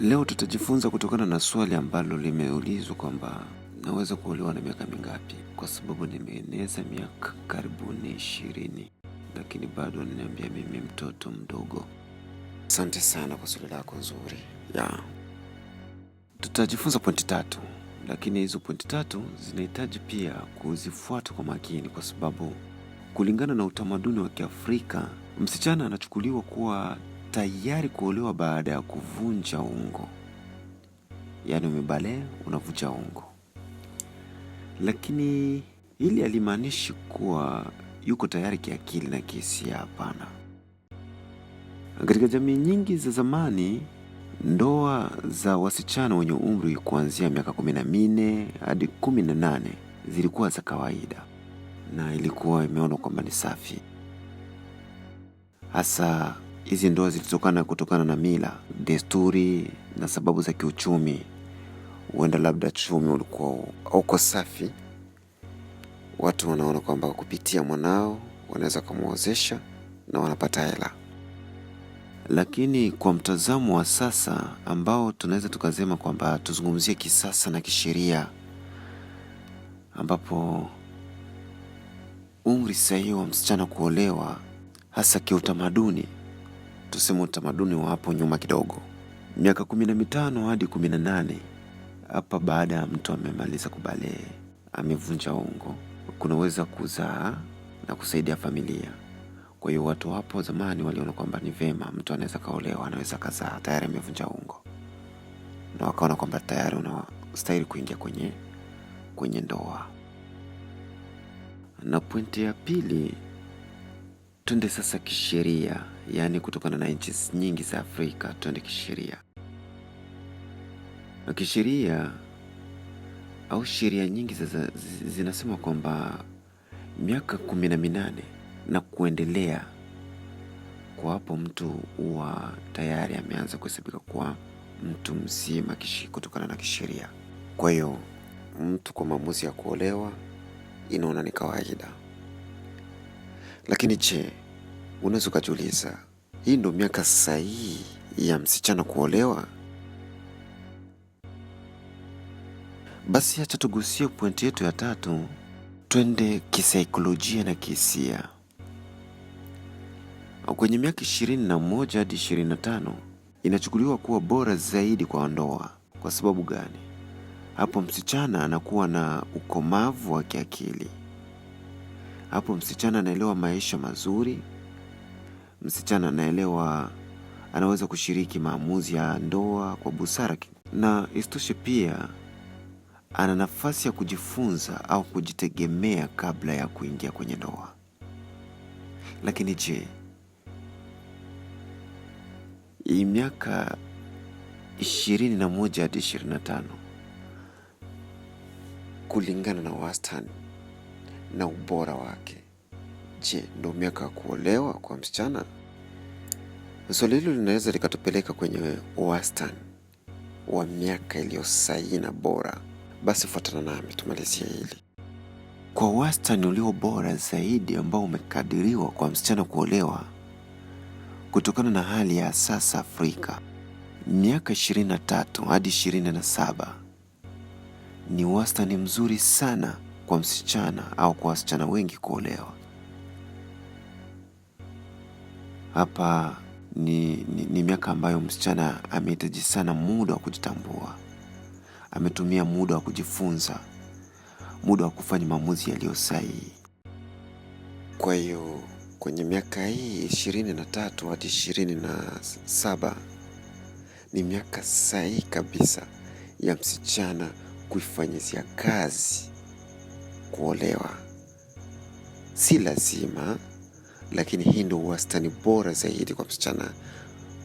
Leo tutajifunza kutokana na swali ambalo limeulizwa kwamba naweza kuolewa na miaka mingapi, kwa sababu nimeeneza miaka karibuni ishirini, lakini bado ananiambia mimi mtoto mdogo. Asante sana kwa swali lako nzuri ya Tutajifunza pointi tatu, lakini hizo pointi tatu zinahitaji pia kuzifuata kwa makini, kwa sababu kulingana na utamaduni wa Kiafrika msichana anachukuliwa kuwa tayari kuolewa baada ya kuvunja ungo, yaani umebalea unavunja ungo. Lakini hili halimaanishi kuwa yuko tayari kiakili na kihisia. Hapana. Katika jamii nyingi za zamani, ndoa za wasichana wenye umri kuanzia miaka kumi na minne hadi kumi na nane zilikuwa za kawaida na ilikuwa imeona kwamba ni safi hasa Hizi ndoa zilitokana kutokana na mila, desturi na sababu za kiuchumi. Huenda labda chumi ulikuwa uko safi, watu wanaona kwamba kupitia mwanao wanaweza kumwozesha na wanapata hela. Lakini kwa mtazamo wa sasa ambao tunaweza tukasema kwamba tuzungumzie kisasa na kisheria, ambapo umri sahihi wa msichana kuolewa hasa kiutamaduni tuseme utamaduni wa hapo nyuma kidogo, miaka kumi na mitano hadi kumi na nane hapa, baada ya mtu amemaliza kubalehe, amevunja ungo, kunaweza kuzaa na kusaidia familia. Kwa hiyo watu hapo zamani waliona kwamba ni vema mtu anaweza kaolewa, anaweza kazaa, tayari amevunja ungo, na wakaona kwamba tayari unastahili kuingia kwenye kwenye ndoa. Na pointi ya pili Twende sasa kisheria, yaani kutokana na nchi nyingi za Afrika twende kisheria. Na kisheria au sheria nyingi sasa zinasema kwamba miaka kumi na minane na kuendelea, kwa hapo mtu huwa tayari ameanza kuhesabika kuwa mtu mzima kutokana na kisheria. Kwa hiyo mtu kwa maamuzi ya kuolewa inaona ni kawaida. Lakini je, unaweza ukajiuliza hii ndo miaka sahihi ya msichana kuolewa? Basi hacha tugusie pointi yetu ya tatu, twende kisaikolojia na kihisia. Kwenye miaka ishirini na moja hadi ishirini na tano inachukuliwa kuwa bora zaidi kwa ndoa. Kwa sababu gani? Hapo msichana anakuwa na ukomavu wa kiakili. Hapo msichana anaelewa maisha mazuri, msichana anaelewa anaweza kushiriki maamuzi ya ndoa kwa busara, na istoshe pia ana nafasi ya kujifunza au kujitegemea kabla ya kuingia kwenye ndoa. Lakini je, i miaka ishirini na moja hadi ishirini na tano kulingana na wastani na ubora wake. Je, ndo miaka ya kuolewa kwa msichana? Swali hilo linaweza likatupeleka kwenye wastani wa miaka iliyo sahihi na bora. Basi fuatana nami tumalizia hili kwa wastani ulio bora zaidi ambao umekadiriwa kwa msichana kuolewa kutokana na hali ya sasa Afrika, miaka 23 hadi 27 ni wastani mzuri sana kwa msichana au kwa wasichana wengi kuolewa. Hapa ni, ni, ni miaka ambayo msichana amehitaji sana muda wa kujitambua, ametumia muda wa kujifunza, muda wa kufanya maamuzi yaliyo sahihi. Kwa hiyo kwenye miaka hii ishirini na tatu hadi ishirini na saba ni miaka sahihi kabisa ya msichana kuifanyizia kazi kuolewa. Si lazima, lakini hii ndio wastani bora zaidi kwa msichana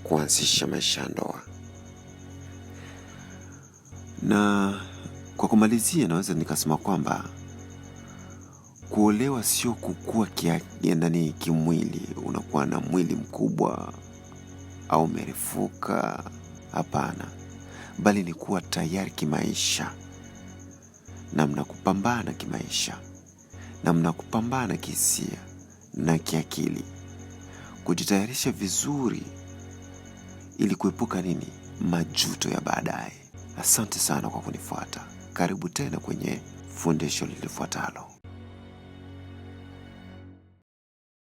kuanzisha maisha ya ndoa. Na kwa kumalizia, naweza nikasema kwamba kuolewa sio kukua kiandani kimwili, unakuwa na mwili mkubwa au merefuka Hapana, bali ni kuwa tayari kimaisha namna kupambana kimaisha, namna kupambana kihisia na kiakili, kujitayarisha vizuri ili kuepuka nini, majuto ya baadaye. Asante sana kwa kunifuata. Karibu tena kwenye fundisho lilifuatalo.